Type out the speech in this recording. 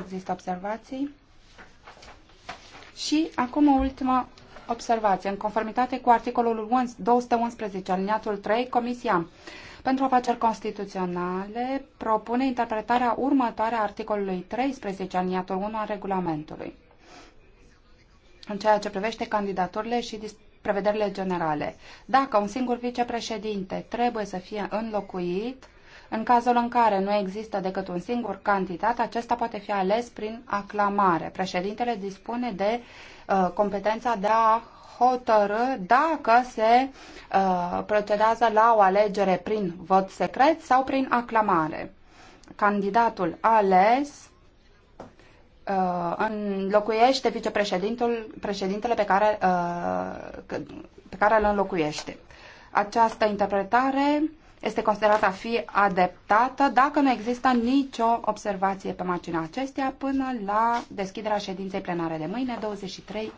Există observații? Și acum o ultimă observație. În conformitate cu articolul 211, aliniatul 3, Comisia pentru afaceri constituționale propune interpretarea următoare a articolului 13, aliniatul 1 al regulamentului, în ceea ce privește candidaturile și prevederile generale. Dacă un singur vicepreședinte trebuie să fie înlocuit, în cazul în care nu există decât un singur candidat, acesta poate fi ales prin aclamare. Președintele dispune de uh, competența de a hotărâ dacă se uh, procedează la o alegere prin vot secret sau prin aclamare. Candidatul ales uh, înlocuiește vicepreședintul, președintele pe care, uh, pe care îl înlocuiește. Această interpretare este considerată a fi adeptată dacă nu există nicio observație pe marginea acesteia până la deschiderea ședinței plenare de mâine, 23